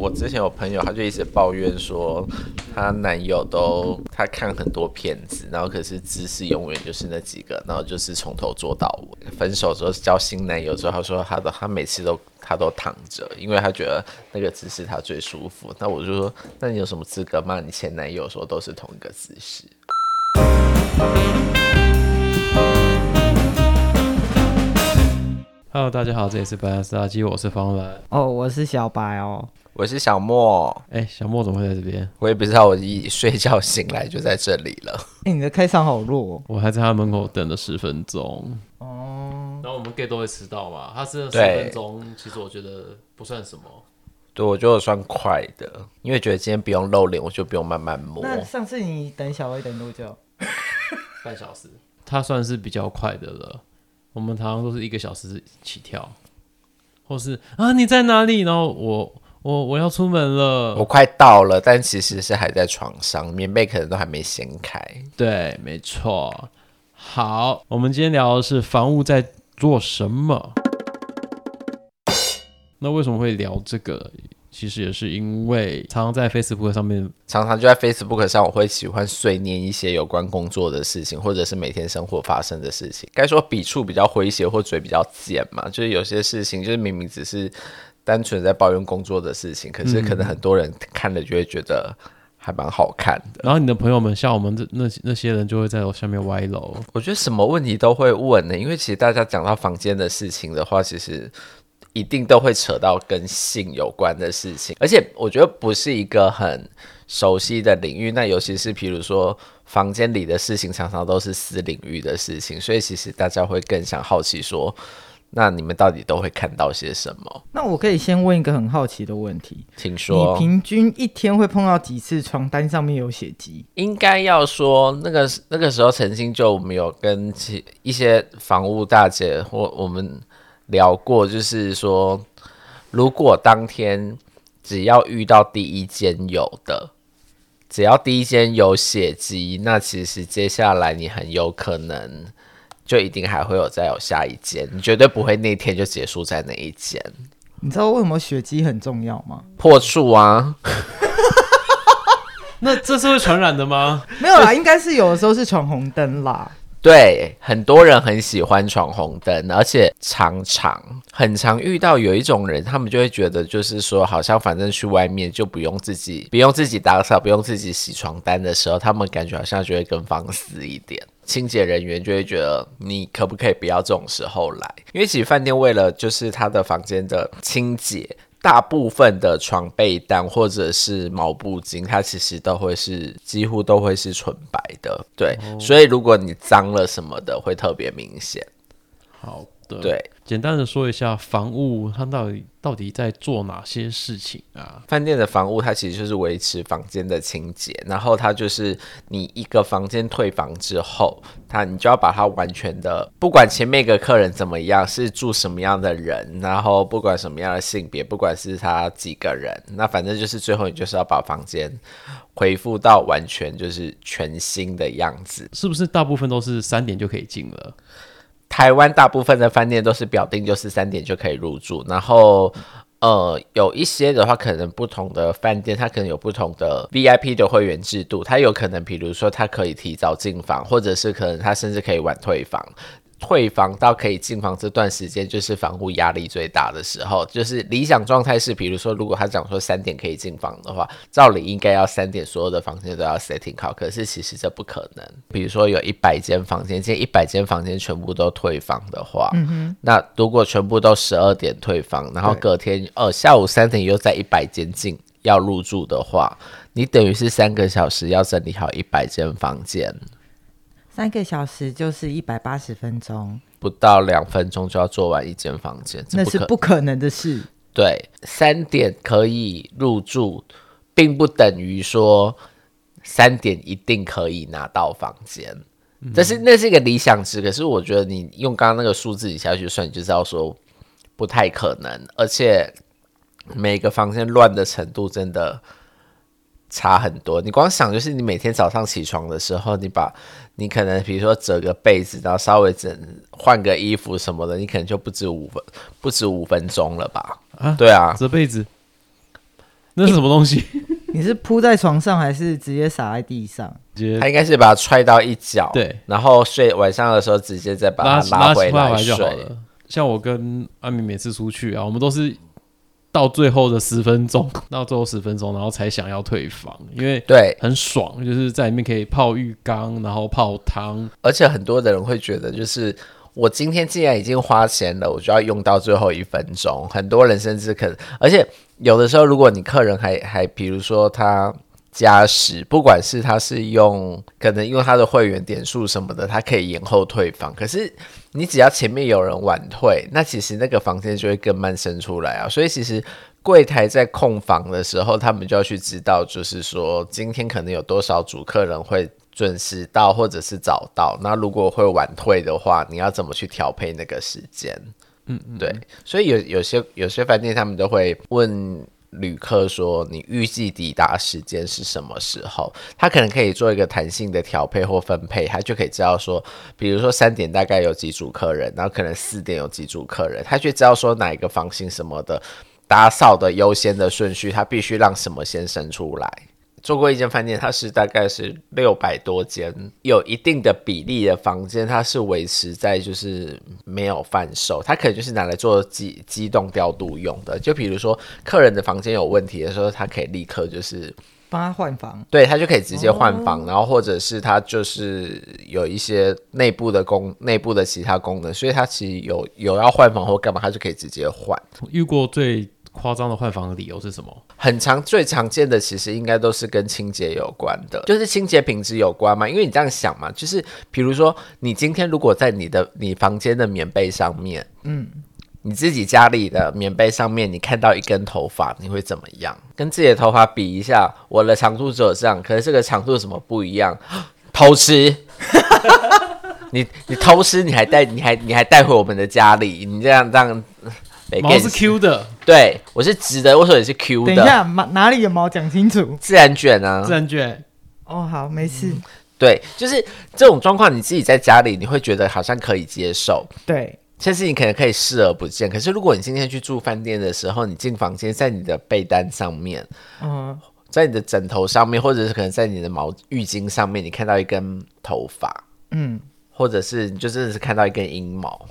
我之前有朋友，他就一直抱怨說，他男友都他看很多片子，然後可是姿勢永遠就是那幾個，然後就是從頭做到尾。分手之後交新男友之後，他說他的他每次都他都躺着，因為他覺得那個姿勢他最舒服。那我就說，那你有什麼資格罵你前男友說都是同一個姿勢？Hello，大家好，這裡是白拉基，我是方藍。哦，oh, 我是小白哦。我是小莫，哎、欸，小莫怎麼會在這邊？我也不知道，我一睡覺醒來就在這裡了。哎、欸，你的開場好弱。哦，我還在他門口等了十分鐘。哦、嗯，然後我們 get 都會遲到嘛？他是十分鐘，對其實我覺得不算什麼。對，我覺得我算快的，因為覺得今天不用露臉，我就不用慢慢摸。那上次你等小薇等多久？ 半小時，他算是比較快的了。我們常常都是一個小時起跳，或是啊，你在哪裡？然後我。我我要出門了，我快到了，但其實是還在床上，棉被可能都還沒掀開。對，沒錯。好，我們今天聊的是房務在做什麼？ 那為什麼會聊這個？其實也是因為常常在 Facebook 上面，常常就在 Facebook 上，我會喜歡碎念一些有關工作的事情，或者是每天生活發生的事情。該說筆觸比較詼諧，或嘴比較賤嘛？就是有些事情，就是明明只是。單純在抱怨工作的事情，可是可能很多人看了就會覺得還蠻好看的。嗯。然後你的朋友們，像我們這那那些人，就會在我下面歪樓。我覺得什麼問題都會問呢？因為其實大家講到房間的事情的話，其實一定都會扯到跟性有關的事情。而且我覺得不是一個很熟悉的領域，那尤其是譬如說房間裡的事情，常常都是私領域的事情，所以其實大家會更想好奇說。那你們到底都會看到些什麼？那我可以先問一個很好奇的問題，請說：你平均一天會碰到幾次床單上面有血跡？應該要說，那個那個時候曾經就沒有跟其一些房務大姐或我，我們聊過，就是說，如果當天只要遇到第一間有的，只要第一間有血迹，那其實接下來你很有可能。就一定還會有再有下一間，你絕對不會那天就結束在那一間。你知道為什麼血跡很重要嗎？破處觸啊。 那這是會傳染的嗎？沒有啦， 應該是有的時候是闖紅燈啦。對，很多人很喜歡闖紅燈，而且常常很常遇到有一種人，他們就會覺得就是說，好像反正去外面就不用自己不用自己打掃，不用自己洗床單的時候，他們感覺好像就會更放肆一點。清潔人員就會覺得你可不可以不要這種時候來，因為其實飯店為了就是他的房間的清潔，大部分的床被單或者是毛布巾，它其實都會是幾乎都會是純白的，對，oh. 所以如果你髒了什麼的，會特別明顯。好。Oh. 對，對，簡單的說一下，房務它到底到底在做哪些事情啊？飯店的房務它其實就是維持房間的清潔，然後它就是你一個房間退房之後，它你就要把它完全的，不管前面一個客人怎麼樣，是住什麼樣的人，然後不管什麼樣的性別，不管是他幾個人，那反正就是最後你就是要把房間恢復到完全就是全新的樣子，是不是？大部分都是三點就可以進了。台灣大部分的飯店都是表定就是三點就可以入住，然後呃，有一些的話，可能不同的飯店它可能有不同的 VIP 的會員制度，它有可能，比如說它可以提早進房，或者是可能它甚至可以晚退房。退房到可以進房這段時間，就是防護壓力最大的時候。就是理想狀態是，比如說，如果他講說三點可以進房的話，照理應該要三點所有的房間都要 setting 好。可是其實這不可能。比如說有一百間房間，這一百間房間全部都退房的話，嗯、哼那如果全部都十二點退房，然後隔天呃對、哦、下午三點又在一百間進要入住的話，你等於是三個小時要整理好一百間房間。三個小時就是一百八十分鐘，不到兩分鐘就要做完一間房間，那是不，是不可能的事。對，三點可以入住，並不等於說三點一定可以拿到房間。嗯，這是那是一個理想值，可是我覺得你用剛剛那個數字你下去算，你就知道說不太可能，而且每個房間亂的程度真的。差很多。你光想就是，你每天早上起床的時候，你把你可能比如說折個被子，然後稍微整換個衣服什麼的，你可能就不止五分，不止五分鐘了吧？啊，對啊，折被子，那是什麼東西？欸、 你是鋪在床上還是直接撒在地上？直接，他應該是把它踹到一角，對，然後睡晚上的時候直接再把它拉回來，拉拉回來就好了，像我跟阿明每次出去啊，我們都是。到最後的十分鐘，到最後十分鐘，然後才想要退房，因為對很爽，對就是在裡面可以泡浴缸，然後泡湯，而且很多的人會覺得，就是我今天既然已經花錢了，我就要用到最後一分鐘。很多人甚至可，而且有的時候，如果你客人還還，比如說他。加時，不管是他是用，可能因為他的會員點數什麼的，他可以延後退房。可是你只要前面有人晚退，那其實那個房間就會更慢升出來啊。所以其實櫃檯在控房的時候，他們就要去知道，就是說今天可能有多少組客人會準時到，或者是早到。那如果會晚退的話，你要怎麼去調配那個時間？嗯，嗯，嗯，對。所以有有些有些飯店，他們都會問。旅客說：“你預計抵達時間是什麼時候？”他可能可以做一個彈性的調配或分配，他就可以知道說，比如說三點大概有幾組客人，然後可能四點有幾組客人，他就知道說哪一個房型什麼的，打掃的優先的順序，他必須讓什麼先生出來。做過一間飯店，它是大概是六百多間，有一定的比例的房間，它是維持在就是沒有販售，它可以就是拿來做機機動調度用的。就比如說客人的房間有問題的時候，它可以立刻就是幫他換房，對，他就可以直接換房，然後或者是他就是有一些內部的功，內部的其他功能，所以他其實有有要換房或幹嘛，他就可以直接換。遇過最。誇張的換房的理由是什麼？很常最常見的其實應該都是跟清潔有關的，就是清潔品質有關嘛。因為你這樣想嘛，就是比如說你今天如果在你的你房間的棉被上面，嗯，你自己家裡的棉被上面，你看到一根頭髮，你會怎麼樣？跟自己的頭髮比一下，我的長度只有這樣，可是這個長度有什麼不一樣？偷吃？ 你你偷吃，你還帶你還你還帶回我們的家裡？你這樣這樣，毛是 Q 的。 對，我是直的，我手也是 Q 的。等一下，哪裡有毛講清楚？自然捲啊，自然捲。哦，好，沒事。嗯、對，就是這種狀況，你自己在家裡，你會覺得好像可以接受。對，甚至你可能可以視而不見。可是，如果你今天去住飯店的時候，你進房間，在你的被單上面，嗯，在你的枕頭上面，或者是可能在你的毛浴巾上面，你看到一根頭髮，嗯，或者是你就真的是看到一根陰毛。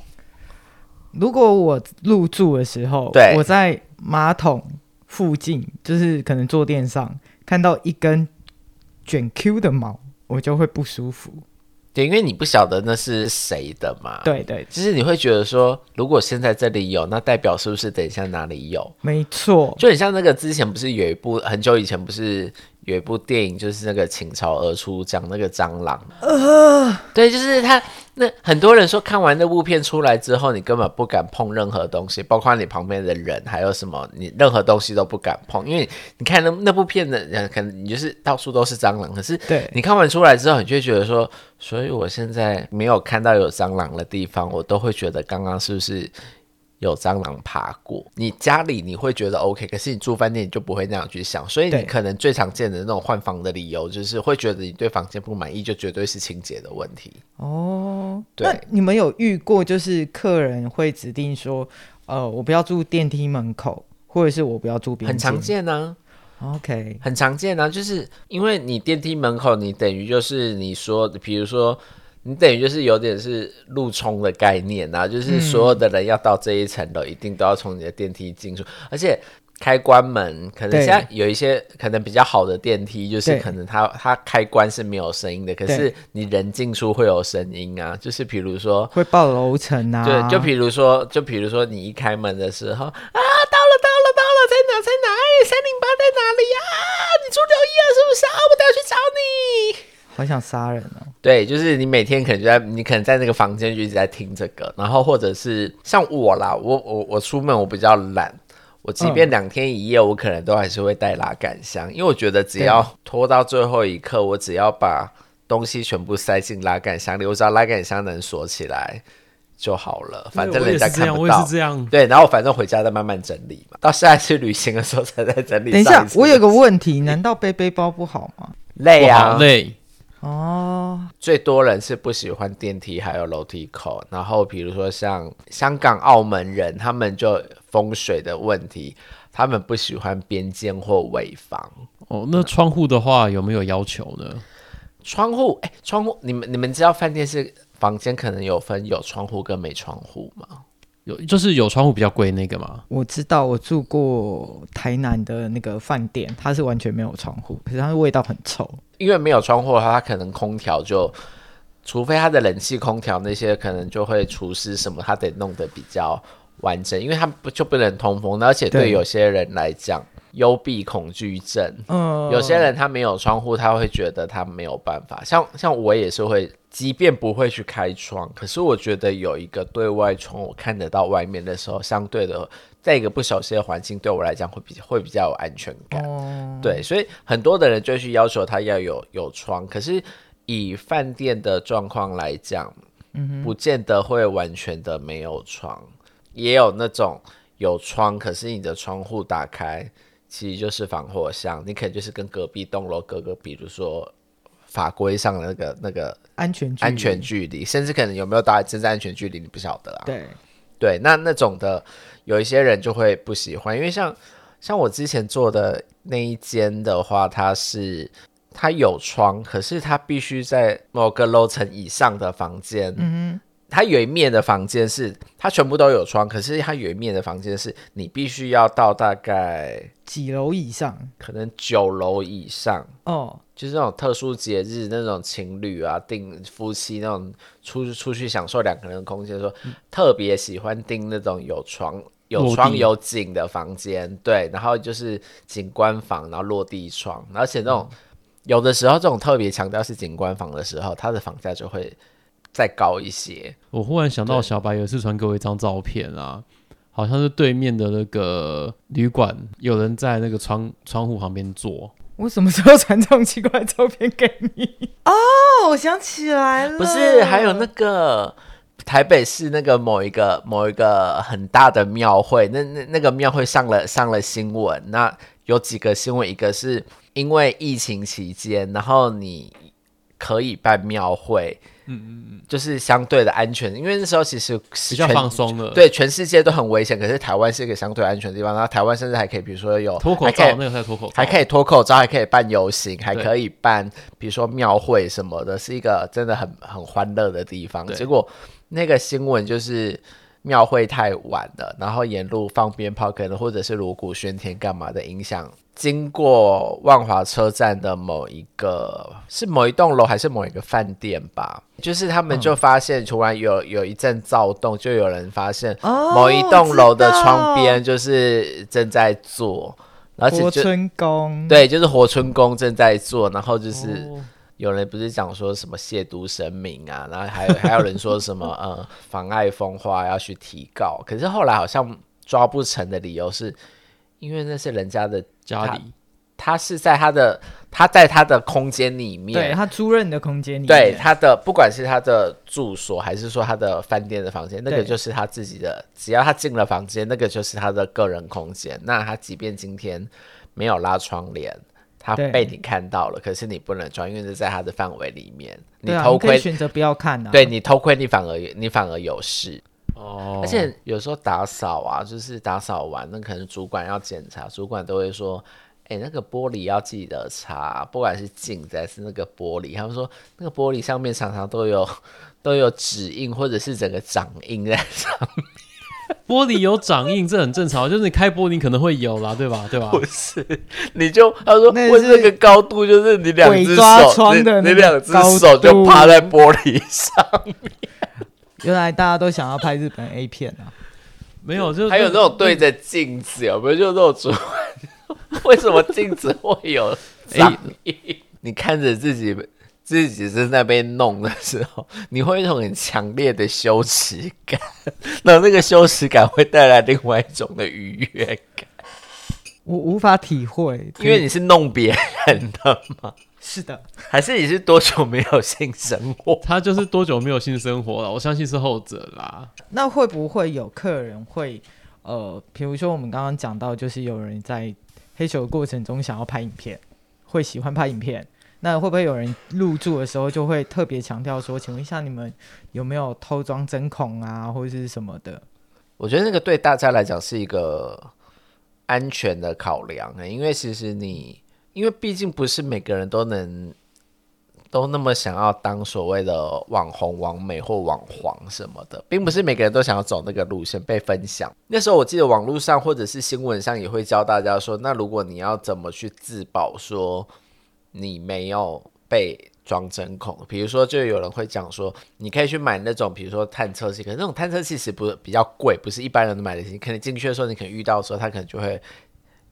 如果我入住的時候，對我在馬桶附近，就是可能坐墊上看到一根捲 Q 的毛，我就會不舒服。對，因為你不曉得那是誰的嘛。對，對對，其實你會覺得說，如果現在這裡有，那代表是不是等一下哪裡有？沒錯錯，就很像那個之前不是有一部很久以前不是。有一部電影就是那個《傾巢而出》，講那個蟑螂。呃、對，就是他。那很多人說看完那部片出來之後，你根本不敢碰任何東西，包括你旁邊的人，還有什麼，你任何東西都不敢碰，因為你看那那部片的人，可能你就是到處都是蟑螂。可是，對，你看完出來之後，你就會覺得說，所以我現在沒有看到有蟑螂的地方，我都會覺得剛剛是不是？有蟑螂爬過，你家裡你會覺得 OK，可是你住飯店你就不會那樣去想，所以你可能最常見的那種換房的理由就是會覺得你對房間不滿意，就絕對是清潔的問題。哦，對，你們有遇過就是客人會指定說，呃，我不要住電梯門口，或者是我不要住邊，很常見呢、啊。OK，很常見呢、啊，就是因為你電梯門口，你等於就是你說，比如說。你等於就是有點是路衝的概念吶、啊，就是所有的人要到這一層樓一定都要從你的電梯進出，嗯、而且開關門可能現在有一些可能比較好的電梯，就是可能它對它開關是沒有聲音的，對可是你人進出會有聲音啊。就是比如說會報樓層啊，對，就比如說就比如說你一開門的時候啊，到了到了到了，在哪在哪？三零八在哪裡呀、啊？你住六一院是不是？啊？我都要去找你。好想殺人哦！對，就是你每天可能就在你可能在那個房間就一直在聽這個，然後或者是像我啦，我我我出門我比較懶，我即便兩天一夜我可能都還是會帶拉桿箱，嗯、因為我覺得只要拖到最後一刻，對我只要把東西全部塞進拉桿箱裡，我只要拉桿箱能鎖起來就好了，對反正人家看不到。我也是這樣。對，然後反正回家再慢慢整理嘛。到下一次旅行的時候才在整理。等一下，我有個問題， 難道背背包不好嗎？累啊，累。哦，最多人是不喜歡電梯，還有樓梯口。然後比如說像香港、澳門人，他們就風水的問題，他們不喜歡邊間或尾房。哦，那窗戶的話有沒有要求呢？嗯、窗戶，哎、欸，窗戶，你們你們知道飯店是房間可能有分有窗戶跟沒窗戶嗎？有就是有窗戶比較貴那個嗎？我知道我住過台南的那個飯店，它是完全沒有窗戶，可是它的味道很臭，因為沒有窗戶的話，它可能空調就，除非它的冷氣空調那些可能就會除濕什麼，它得弄得比較完整，因為它不就不能通風，而且對有些人來講，對幽閉恐懼症，嗯，有些人他沒有窗戶，他會覺得他沒有辦法，像像我也是會。即便不會去開窗，可是我覺得有一個對外窗，我看得到外面的時候，相對的，在一個不熟悉的環境，對我來講會比會比較有安全感。Oh. 對，所以很多的人就去要求他要有有窗。可是以飯店的狀況來講，mm hmm. 不見得會完全的沒有窗，也有那種有窗，可是你的窗戶打開，其實就是防火巷，你可能就是跟隔壁棟樓隔個，比如說法規上的那個那個。安全距離，甚至可能有沒有打真正安全距離，你不曉得啊，對對，那那種的，有一些人就會不喜歡，因為像像我之前做的那一間的話，它是它有窗，可是它必須在某個樓層以上的房間。嗯它有一面的房間是它全部都有窗，可是它有一面的房間是你必須要到大概幾樓以上，可能九樓以上哦。Oh. 就是那種特殊節日那種情侶啊，訂夫妻那種出出去享受兩個人的空間，說、嗯、特別喜歡訂那種有床、有窗、有景的房間。落地。對，然後就是景觀房，然後落地窗，而且那種、嗯、有的時候這種特別強調是景觀房的時候，它的房價就會。再高一些。我忽然想到，小白有次傳給我一張照片啊，對好像是對面的那個旅館，有人在那個窗窗戶旁邊坐。我什麼時候傳這種奇怪的照片給你？哦，oh, 我想起來了，不是還有那個台北市那個某一個某一個很大的廟會，那那那個廟會上了上了新聞。那有幾個新聞，一個是因為疫情期間，然後你可以辦廟會。嗯嗯嗯，就是相對的安全，因為那時候其實全比較放鬆的，對，全世界都很危險，可是台灣是一個相對安全的地方。然後台灣甚至還可以，比如說有脫口罩，那個才脫口罩，還可以脫口罩，還可以辦遊行，還可以辦，對比如說廟會什麼的，是一個真的很很歡樂的地方。對結果那個新聞就是。廟會太晚了，然後沿路放鞭炮可能，或者是鑼鼓喧天幹嘛的影響，經過萬華車站的某一個，是某一棟樓還是某一個飯店吧，就是他們就發現突然有、嗯、有，有一陣躁動，就有人發現某一棟樓的窗邊就是正在做，哦、而且就活春宮對，就是活春宮正在做，然後就是。哦有人不是講說什麼褻瀆神明啊，然後還有還有人說什麼呃、 嗯、妨礙風化要去提告，可是後來好像抓不成的理由是，因為那是人家的家裡他，他是在他的他在他的空間裡面，對他租任的空間裡面，對他的不管是他的住所還是說他的飯店的房間，那個就是他自己的，對只要他進了房間，那個就是他的個人空間。那他即便今天沒有拉窗簾。他被你看到了，對可是你不能穿，因為是在他的範圍裡面。啊、你偷窺，選擇不要看、啊。對你偷窺，你反而你反而有事哦。而且有時候打掃啊，就是打掃完，那可能主管要檢查，主管都會說，哎、欸，那個玻璃要記得擦、啊，不管是鏡子還是那個玻璃，他們說那個玻璃上面常常都有都有指印，或者是整個掌印在上面。 玻璃有掌印，這很正常，就是你開玻璃可能會有啦，對吧？對吧？不是，你就他說那，就是那是那個高度，就是你兩隻手，你兩隻手就趴在玻璃上面。原來大家都想要拍日本 A 片啊？ 沒有，就是還有那種對着鏡子有沒有？就那種 為什麼鏡子會有掌印？ 欸、 你看着自己，自己在那邊弄的時候，你會有一種很強烈的羞恥感，那那個羞恥感會帶來另外一種的愉悅感，我無法體會。因為你是弄別人的嗎？是的。還是你是多久沒有性生活？他就是多久沒有性生活了，我相信是後者啦。那會不會有客人會，呃，比如說我們剛剛講到，就是有人在黑球的過程中想要拍影片，會喜歡拍影片？那會不會有人入住的時候就會特別強調說，請問一下你們有沒有偷裝針孔啊，或者是什麼的？我覺得那個對大家來講是一個安全的考量，因為其實你，因為畢竟不是每個人都能都那麼想要當所謂的網紅、網美或網黃什麼的，並不是每個人都想要走那個路線被分享。那時候我記得網絡上或者是新聞上也會教大家說，那如果你要怎麼去自保，說。你沒有被裝針孔，比如說，就有人會講說，你可以去買那種比如說探測器，可是那種探測器其實不是比較貴，不是一般人都買得起。你可能進去的時候，你可能遇到的時候，他可能就會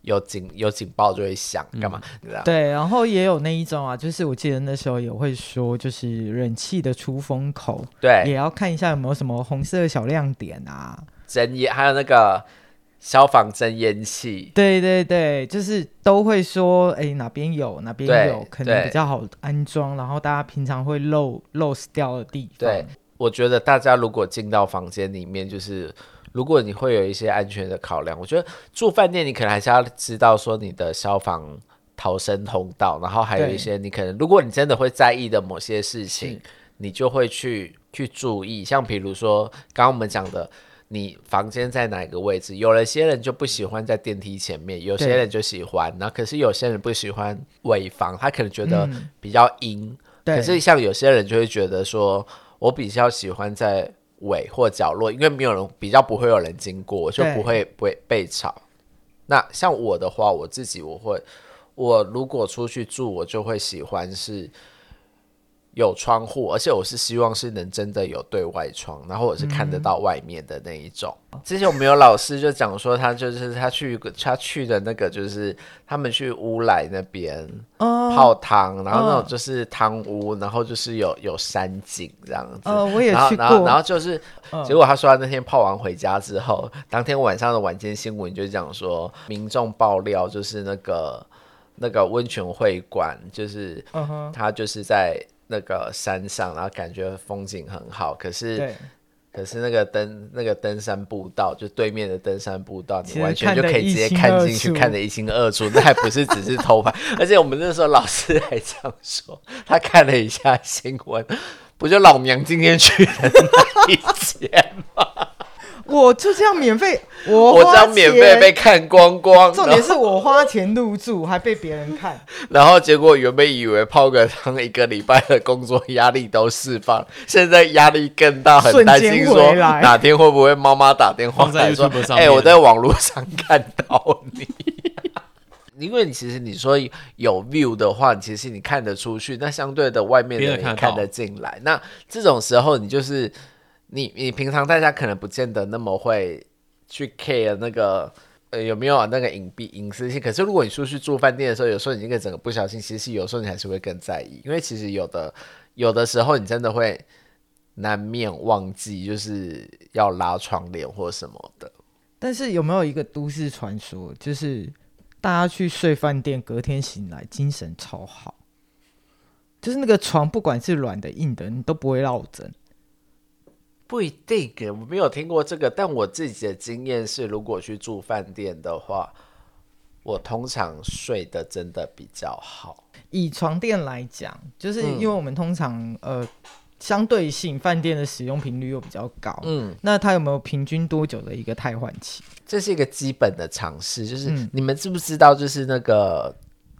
有警有警報就會響，幹嘛，嗯、你知道？對，然後也有那一種啊，就是我記得那時候也會說，就是冷氣的出風口，對，也要看一下有沒有什麼紅色的小亮點啊，針眼，還有那個。消防偵煙器，對對對，就是都會說，哎，哪邊有哪邊有，對可能比較好安裝，對然後大家平常會漏漏掉的地方。對，我覺得大家如果進到房間裡面，就是如果你會有一些安全的考量，我覺得住飯店你可能還是要知道說你的消防逃生通道，然後還有一些你可能，對如果你真的會在意的某些事情，是你就會去去注意，像比如說剛剛我們講的。你房間在哪個位置？有了一些人就不喜歡在電梯前面，有些人就喜歡。那對可是有些人不喜歡尾房，他可能覺得比較陰。嗯、可是像有些人就會覺得說，我比較喜歡在尾或角落，因為沒有人比較不會有人經過，我就不會被對被吵。那像我的話，我自己我會，我如果出去住，我就會喜歡是。有窗戶，而且我是希望是能真的有對外窗，然後我是看得到外面的那一種。嗯、之前我們有老師就講說，他就是他去他去的那個，就是他們去烏來那邊泡湯，哦、然後那種就是湯屋，哦、然後就是有有山景這樣子，哦。我也去過。然後，然後，然後就是，結果他說他那天泡完回家之後，哦、當天晚上的晚間新聞就講說，民眾爆料就是那個那個溫泉會館，就是，嗯哼、他就是在。那個山上，然後感覺風景很好，可是，對可是那個登那個登山步道，就對面的登山步道，你完全就可以直接看進去，看得一清二楚。那 還不是只是偷拍？ 而且我們那時候老師還這樣說，他看了一下新聞，不就老娘今天去的那一間嗎？ 我就這樣免費，我花錢，我這樣免費被看光光， 重點是我花錢入住還被別人看， 然後結果原本以為泡個湯，一個禮拜的工作壓力都釋放，現在壓力更大，很擔心說哪天會不會媽媽打電話來說，哎，我在網絡上看到你，因為其實你說有 view 的話，其實你看得出去，那相對的外面的人看得進來，那這種時候你就是。你你平常大家可能不見得那麼會去 care 那個呃有沒有、啊、那個隱蔽隱私性，可是如果你出去住飯店的時候，有時候你那個整個不小心，其實有時候你還是會更在意，因為其實有的有的時候你真的會難免忘記就是要拉窗簾或什麼的。但是有沒有一個都市傳說，就是大家去睡飯店，隔天醒來精神超好，就是那個床不管是軟的硬的，你都不會落枕？不一定，我沒有聽過這個。但我自己的經驗是，如果去住飯店的話，我通常睡得真的比較好。以床墊來講，就是因為我們通常、嗯、呃相對性，飯店的使用頻率又比較高，嗯，那它有沒有平均多久的一個汰換期？這是一個基本的常識，就是你們知不知道？就是那個。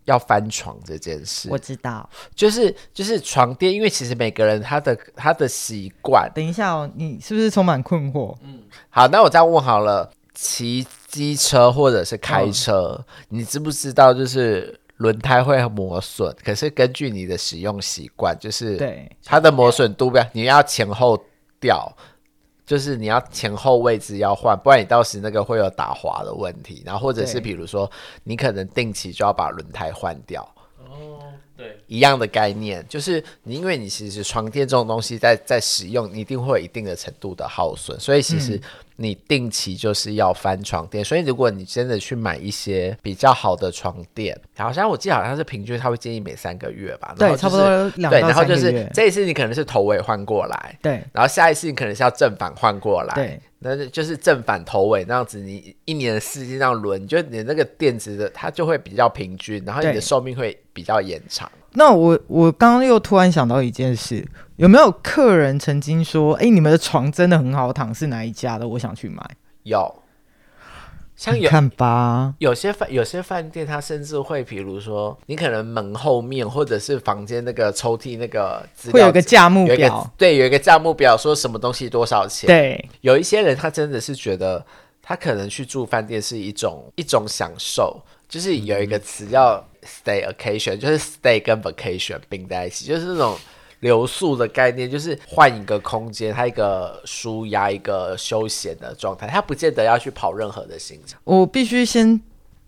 要翻床這件事，我知道，就是就是床墊，因為其實每個人他的他的習慣。等一下哦，你是不是充滿困惑？嗯，好，那我再問好了，騎機車或者是開車，嗯、你知不知道就是輪胎會磨損？可是根據你的使用習慣，就是對它的磨損度不要，你要前後調。就是你要前後位置要換，不然你到時那個會有打滑的問題。然後或者是比如說，你可能定期就要把輪胎換掉。哦，對，一樣的概念，就是你因為你其實床墊這種東西在在使用，你一定會有一定的程度的耗損，所以其實。嗯你定期就是要翻床墊，所以如果你真的去買一些比較好的床墊，好像我記得好像是平均它會建議每三個月吧，就是、對，差不多兩個到三個月。對，然後就是這一次你可能是頭尾換過來，對，然後下一次你可能是要正反換過來，對，那就就是正反頭尾那樣子，你一年的四季這樣輪，你就你那個墊子的它就會比較平均，然後你的壽命會比較延長。那我我剛剛又突然想到一件事。有沒有客人曾經說：“哎、欸，你們的床真的很好躺，是哪一家的？我想去買。”有，像有看吧有，有些飯有些飯店，他甚至會，比如說，你可能門後面或者是房間那個抽屜那個，會有一個價目表，對，有一個價目表，說什麼東西多少錢。對，有一些人他真的是覺得，他可能去住飯店是一種一種享受，就是有一個詞叫 “staycation”，就是 “stay” 跟 “vacation” 併在一起，就是那種。留宿的概念，就是換一個空間，它一個舒壓、一個休閒的狀態，他不見得要去跑任何的行程。我必須先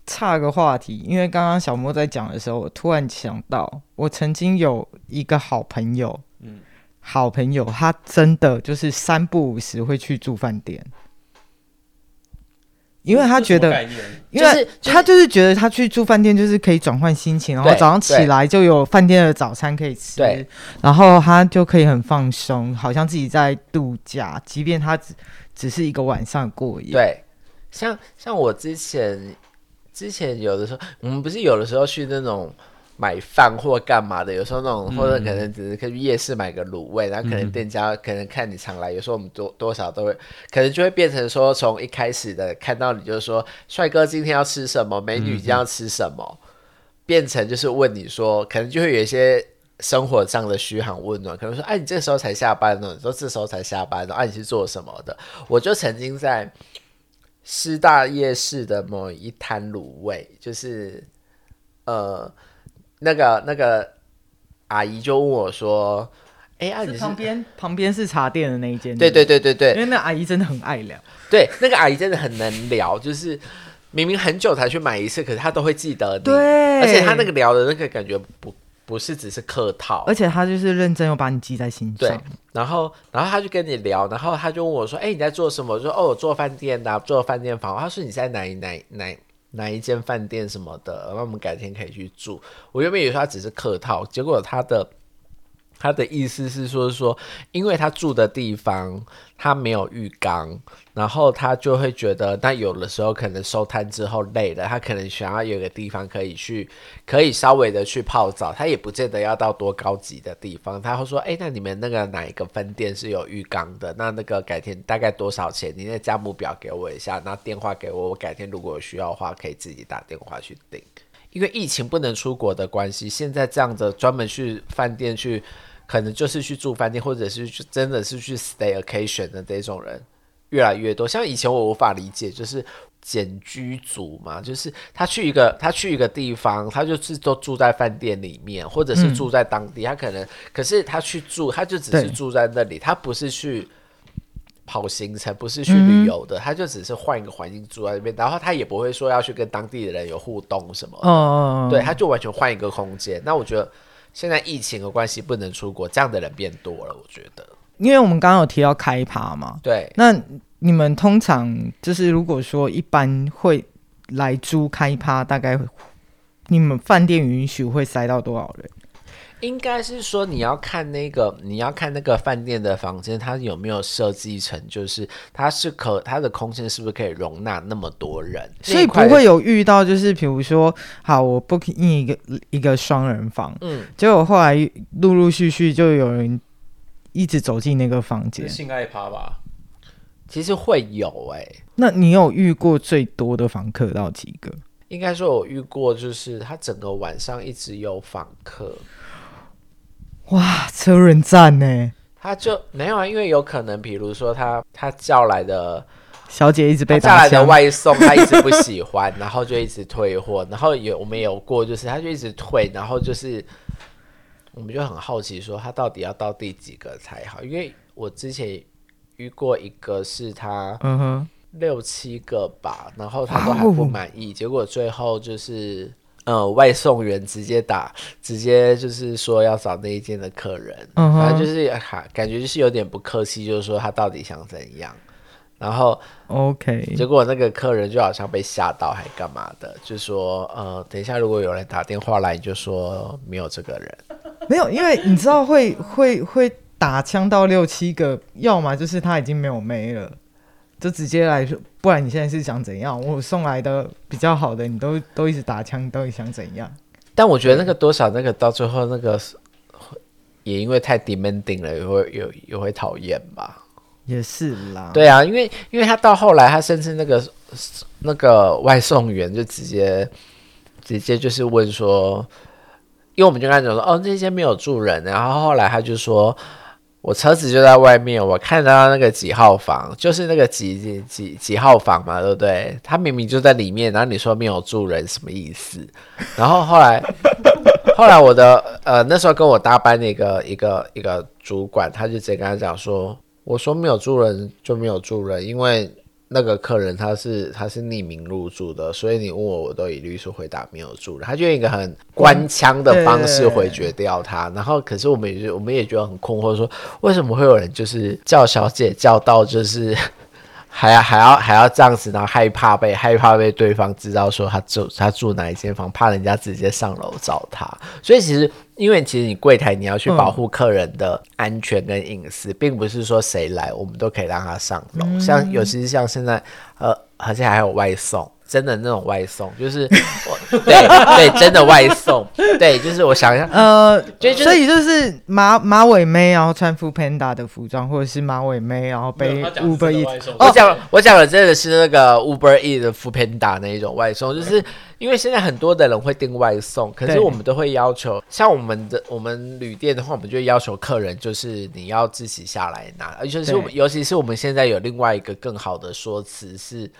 岔個話題，因為剛剛小莫在講的時候，我突然想到，我曾經有一個好朋友，嗯，好朋友，他真的就是三不五時會去住飯店。因為他覺得，因為他就是覺得他去住飯店就是可以轉換心情，然後早上起來就有飯店的早餐可以吃，然後他就可以很放鬆，好像自己在度假，即便他只只是一個晚上過夜。對，像像我之前之前有的時候，我們不是有的時候去那種。買飯或幹嘛的，有時候那種，或者可能只是去夜市買個滷味，嗯、然後可能店家、嗯、可能看你常來，有時候我們多多少都會，可能就會變成說，從一開始的看到你就是說，帥哥今天要吃什麼，美女今天要吃什麼，嗯、變成就是問你說，可能就會有一些生活上的噓寒問暖，可能說，哎、啊，你這時候才下班呢，你說這時候才下班呢，哎、啊，你是做什麼的？我就曾經在師大夜市的某一攤滷味，就是，呃。那個那個阿姨就問我說：“哎、欸、呀、啊，你旁邊旁邊是茶店的那一間？對對對對對，因為那阿姨真的很愛聊，對，那個阿姨真的很能聊， 就是明明很久才去買一次，可是她都會記得你。對，而且她那個聊的那個感覺不不是只是客套，而且她就是認真又把你記在心上。對，然後然後她就跟你聊，然後她就問我說：‘哎、欸，你在做什麼？’我說：‘哦，我做飯店的、啊，做飯店房。’她說：‘你在哪哪哪？’”哪哪一間飯店什麼的，那我們改天可以去住。我原本以為他只是客套，結果他的。他的意思是說，是說，說因為他住的地方他沒有浴缸，然後他就會覺得，那有的時候可能收攤之後累了，他可能想要有個地方可以去，可以稍微的去泡澡。他也不見得要到多高級的地方。他會說，哎、欸，那你們那個哪一個分店是有浴缸的？那那個改天大概多少錢？你那價目表給我一下，那電話給我，我改天如果有需要的話，可以自己打電話去訂。因為疫情不能出國的關係，現在這樣子專門去飯店去。可能就是去住飯店，或者是真的是去 Staycation 的這種人越來越多。像以前我無法理解，就是簡居族嘛，就是他去一個他去一個地方，他就是都住在飯店裡面，或者是住在當地。嗯、他可能可是他去住，他就只是住在那裡，對他不是去跑行程，不是去旅遊的，嗯、他就只是換一個環境住在那邊。然後他也不會說要去跟當地的人有互動什麼。哦哦哦對，他就完全換一個空間。那我覺得。現在疫情的關係不能出國，這樣的人變多了，我覺得。因為我們剛剛有提到開趴嘛，對。那你們通常就是如果說一般會來租開趴，大概你們飯店允許會塞到多少人？應該是說你要看那個，你要看那個飯店的房間，它有沒有設計成，就是它是可它的空間是不是可以容納那麼多人，所以不會有遇到就是，比如說，好，我 book in 一個一個雙人房，嗯，結果後來陸陸續續就有人一直走進那個房間，是性愛趴吧，其實會有哎、欸，那你有遇過最多的房客到幾個？應該說，我遇過就是他整個晚上一直有訪客。哇，超人讚呢！他就沒有啊，因為有可能，比如說他他叫來的小姐一直被叫來的外送， 他一直不喜歡，然後就一直退貨。然後有我們有過，就是他就一直退，然後就是我們就很好奇，說他到底要到第幾個才好？因為我之前遇過一個是他六七個吧，嗯、哼然後他都還不滿意，哦、結果最後就是。呃，外送員直接打，直接就是說要找那一間的客人，反正，uh huh. 就是、啊、感覺就是有點不客氣，就是說他到底想怎樣？然後，OK，結果那個客人就好像被嚇到，還幹嘛的，就說呃，等一下如果有人打電話來，就說沒有這個人， 沒有，因為你知道會會會打槍到六七個，要麼就是他已經沒有沒了，就直接來說。不管你現在是想怎樣，我送來的比較好的，你都都一直打槍，你到底想怎樣？但我覺得那個多少那個到最後那個也因為太 demanding 了也，也會有也會討厭吧。也是啦。對啊，因為因為他到後來，他甚至那個那個外送員就直接直接就是問說，因為我們就剛講說哦，那些沒有住人，然後後來他就說。我車子就在外面，我看到那個幾號房，就是那個幾幾幾幾號房嘛，對不對？他明明就在裡面，然後你說沒有住人，什麼意思？然後後來，後來我的，呃，那時候跟我搭班的一個一個一個主管，他就直接跟他講說，我說沒有住人就沒有住人，因為。那個客人他是他是匿名入住的，所以你問我，我都一律是回答沒有住。他就用一個很官腔的方式回絕掉他。嗯，欸、然後，可是我們也就我們也覺得很困惑，說為什麼會有人就是叫小姐叫到就是還要還要還要這樣子，然後害怕被害怕被對方知道說他住他住哪一間房，怕人家直接上樓找他。所以其實。因為其實你櫃檯你要去保護客人的安全跟隱私，嗯、並不是說誰來我們都可以讓他上樓，嗯、像尤其是像現在，呃，而且還有外送。真的那種外送，就是 對對，真的外送， 對，就是我想一下，呃，就所以就是馬馬尾妹，然後穿 foodpanda 的服裝，或者是馬尾妹，然後背 Uber Eats。我講我講的真的是那個 Uber Eats foodpanda 那一種外送，對就是因為現在很多的人會訂外送，可是我們都會要求，像我們的我們旅店的話，我們就會要求客人就是你要自己下來拿，尤、就、其是我們對尤其是我們現在有另外一個更好的說辭是。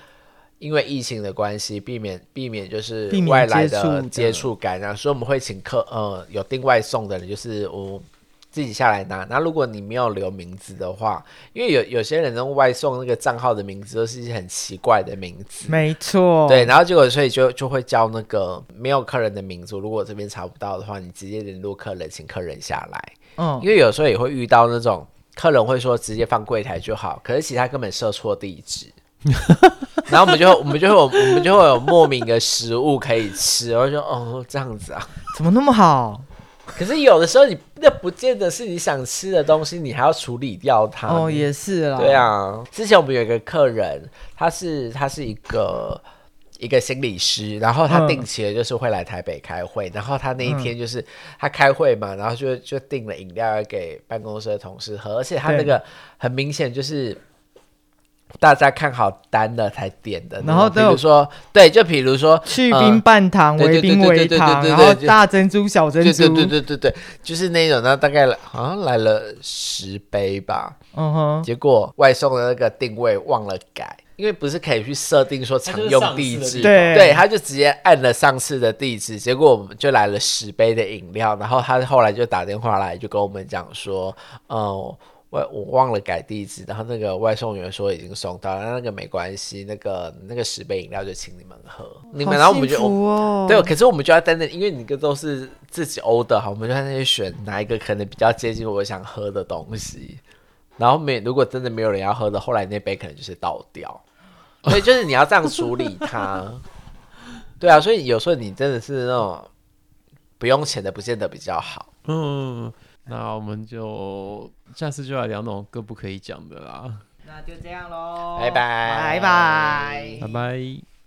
因為疫情的關係，避免避免就是外來的接觸感染，啊，所以我們會請客呃有訂外送的人就是我自己下來拿。那如果你沒有留名字的話，因為有有些人用外送那個賬號的名字都是很奇怪的名字，沒錯，對，然後結果所以就就會叫那個沒有客人的名字。如果這邊查不到的話，你直接聯絡客人，請客人下來。嗯，因為有時候也會遇到那種客人會說直接放櫃檯就好，可是其他根本設錯地址。 然後我們就會，我們就會有，我們就會有莫名的食物可以吃。我就說：“哦，這樣子啊，怎麼那麼好？”可是有的時候你，你那不見得是你想吃的東西，你還要處理掉它。哦，也是啊。對啊，之前我們有一個客人，他是他是一個一個心理師，然後他定期的就是會來台北開會，嗯、然後他那一天就是、嗯、他開會嘛，然後就就訂了飲料給辦公室的同事喝，而且他那個很明顯就是。大家看好單的才點的，然後比如說，對，就比如說去冰半糖、微冰微糖，然後大珍珠、小珍珠，對對，對對對對對，就是那種，然後大概好像來了十杯吧，嗯哼，結果外送的那個定位忘了改，因為不是可以去設定說常用地址，對，對，他就直接按了上次的地址，結果我們就來了十杯的飲料，然後他後來就打電話來，就跟我們講說，哦、嗯。我我忘了改地址，然後那個外送員說已經送到了，那那個沒關係，那個那個十杯飲料就請你們喝，哦、你們然後我們就、哦、對，可是我們就要在那，因為你個都是自己 order 好，我們就在那裡選哪一個可能比較接近我想喝的東西，然後沒如果真的沒有人要喝的，後來那杯可能就是倒掉， 所以就是你要這樣處理它， 對啊，所以有時候你真的是那種不用錢的不見得比較好，嗯。那我們就下次就來聊那種各不可以講的啦。那就這樣嘍，拜拜拜拜拜拜。Bye bye bye bye